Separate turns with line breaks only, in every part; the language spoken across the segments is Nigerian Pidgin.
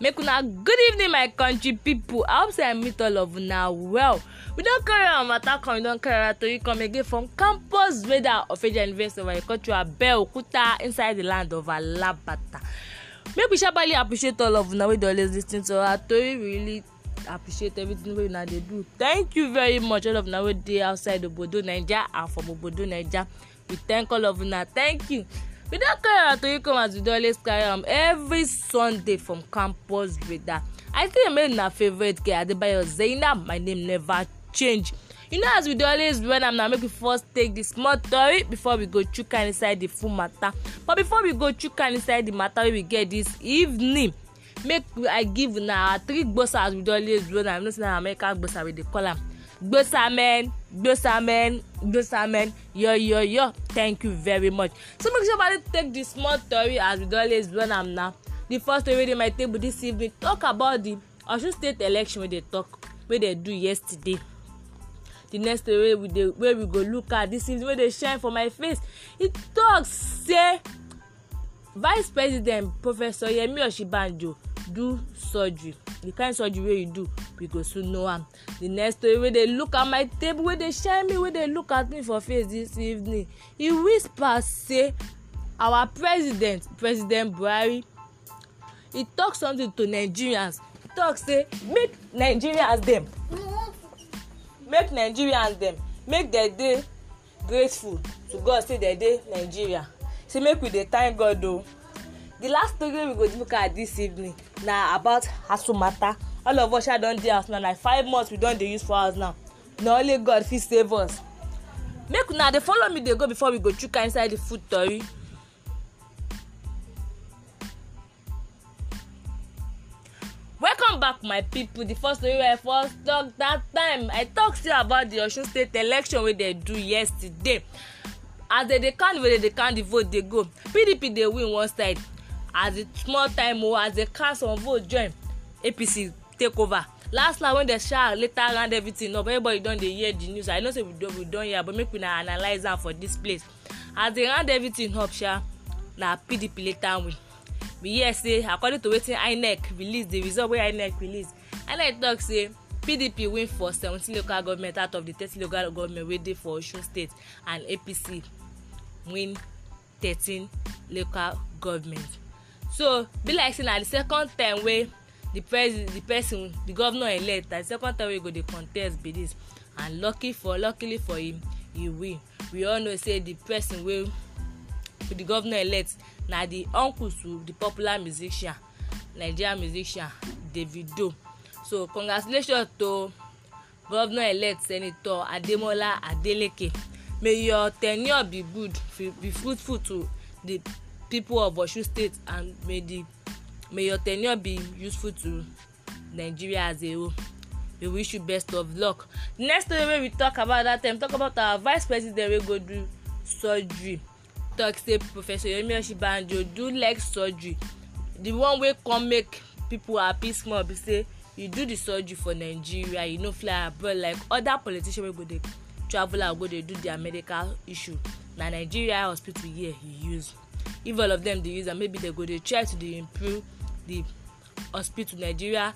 make una good evening my country people. i hope say i meet all of una well we don carry our matter come we don carry our tori come again from campus radar of federal university of agriculture abeokuta inside the land of alabata make we sharply appreciate all of una wey dey always lis ten to our tori really appreciate everything wey una dey do thank you very much all of una wey dey outside obodo naija and from obodo naija we thank all of una thank you. We Without Kayo come as we dey always carry am every Sunday from campus radar. I still remain na favourite girl Adebayo Zainab, my name never change. You know as we dey always do am na make we first take the small tori before we go chook hand inside the full matter. But before we go chook hand inside the matter wey we get this evening, make i give una three gbosa as we dey always do am you know say na American gbosa we dey call am. Gbosamen, Gbosamen, Gbosamen. Yo, yo, yo. Thank you very much. So make sure you take the small story as we always run am now. The first story wey dey my table this evening talk about the Osun State election wey dey talk wey dey do yesterday. The next story wey we dey wey we go look at this evening wey dey shine for my face e talk say Vice President Professor Yemi Osinbajo do surgery the kind surgery wey you do we go soon know am the next story wey dey look at my table wey dey shine me wey dey look at me for face this evening e whisper say our president president buhari he talk something to nigerians e talk say make nigerians dem make nigerians dem make dem dey grateful to god say dem dey nigeria say make we dey thank god o the last story wey we go look at this evening na about hassle matter all of us sha don dey house now like five months we don dey use for house now na only god fit save us make una dey follow me dey go before we go chuka inside the food tori. welcome back my people the first story wey i first talk that time i talk still about the osun state election wey dem do yesterday as dem dey count vote dem dey count the vote dey go pdp dey win one side as a small time o as a cast on vote join apc take over last night when dem shout later round everything up everybody don dey hear the news i know say we don we don hear but make we na analyse am for this place as they round everything up sha na pdp later win we hear say according to wetin inec release the result wey inec release inec talk say pdp win for seventeen local government out of the thirty local government wey dey for osun state and apc win thirteen local government so be like say na the second time wey the pres the person the governor elect na the second time wey he go dey contest be this and lucky for luckily for him he win we all know say the person wey the governor elect na the uncle to the popular musician nigerian musician davido so congratulations to governor elect senator ademola adeleke may your ten ure be good be fruitful to the people of Osun State and may the may your tenure be useful to Nigeria as a whole. We wish you best of luck. Next time wey we talk about that time talk about our vice president wey go do surgery talk say Professor Yemi Osinbajo do leg surgery. The one wey come make people happy small be say you do the surgery for Nigeria you no fly abroad like other politicians wey go dey travel out go dey do their medical issue. na nigeria hospital here he use if all of them dey use am maybe they go dey try to dey improve the hospital nigeria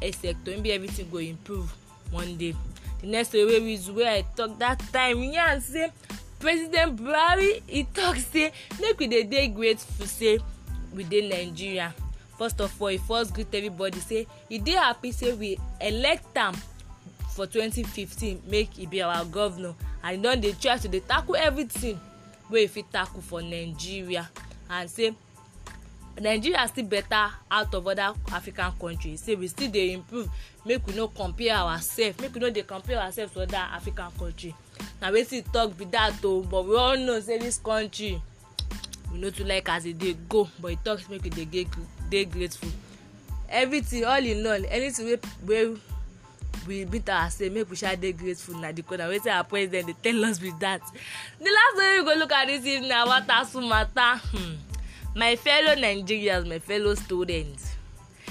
health sector maybe everything go improve one day the next story wey we wey i talk that time yarn say president buhari e talk say make we dey dey grateful say we dey nigeria first of all e first greet everybody say e dey happy say we elect am for 2015 make e be our governor and e don dey try to dey tackle everything wey e fit tackle for nigeria and say nigeria still better out of other african countries say we still dey improve make we no compare ourselves make we no dey compare ourselves to other african country na wetin e talk be that o oh. but we all know say this country we no too like as e dey go but he talk make we dey dey grateful everything all in all anything wey wey we beat say make we sha dey grateful na the corner wetin our president dey tell us be that the last way we go look at this evening na water soon matter hmm. my fellow nigerians my fellow students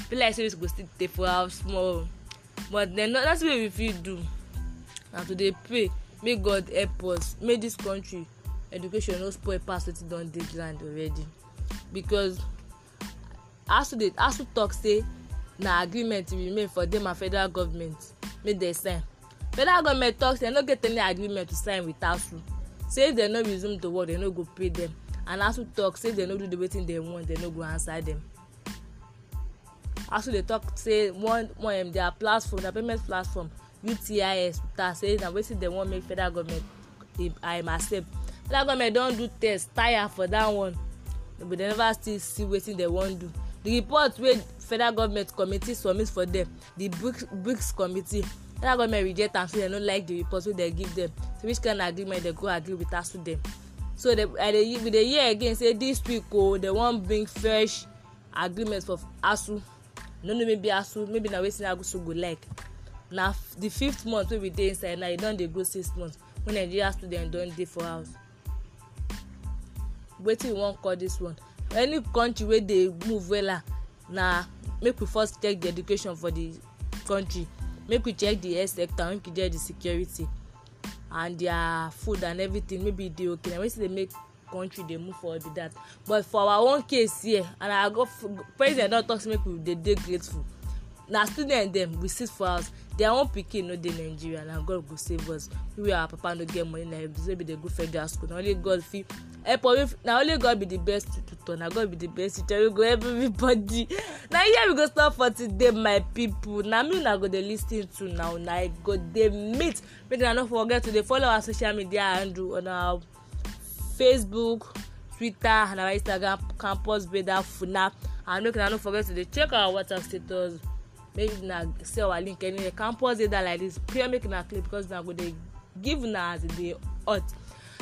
be like say we go still dey for house small but then no that's what we fit do na to dey pray make god help us make this country education no spoil pass wetin don dey ground already because asu dey asu talk say na agreement remain for dem and federal government make dem sign federal government talk say dem no get any agreement to sign with asu say if dem no resume the work dem no go pay dem and asu talk say if dem no do the wetin dem want dem no go answer dem asu dey talk say one one um, their platform their payment platform utis ta say na wetin dem wan make federal government I'm accept federal government don do test tire for that one but dem never still see wetin dem wan do di report wey federal government committee submit for dem di brics, BRICS committee federal government reject am say dem no like di report wey dem give dem say which kind of agreement dem go agree with as to dem so dem i dey we dey hear again say dis week o dem wan bring fresh agreement for asu no no maybe asu maybe na wetin asu go like na the fifth month wey we dey inside now e don dey go six months wey nigeria students don dey for house wetin we wan call dis one any country wey dey move wella na make we first check the education for the country make we check the health sector make we check the security and their food and everything maybe e dey okay na wetin dey make country dey move forward be that but for our own case here and i go president don talk say make we dey dey grateful na student dem we sit for house their own pikin no dey nigeria na god go save us we wey our papa no get money na we dey go federal school na only god fit help us na only god be the best tutor na god be the best teacher wey go help everybody na here we go stop for today my people na me una go dey lis ten to na una i go dey meet make una no forget to dey follow our social media handle on our facebook twitter and our instagram campus veda funa and make una no forget to dey check our whatsapp status Maybe na sell our link anywhere pause dey that like this prayer make una clear because una go dey give una as e dey hot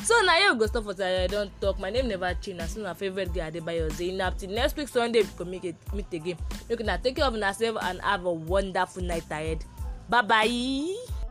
so na here we go stop for today i don talk my name never change na still na favourite girl adebayo zainab till next week sunday we go meet, meet again make una take care of una sef and have a wonderful night ahead bye bye.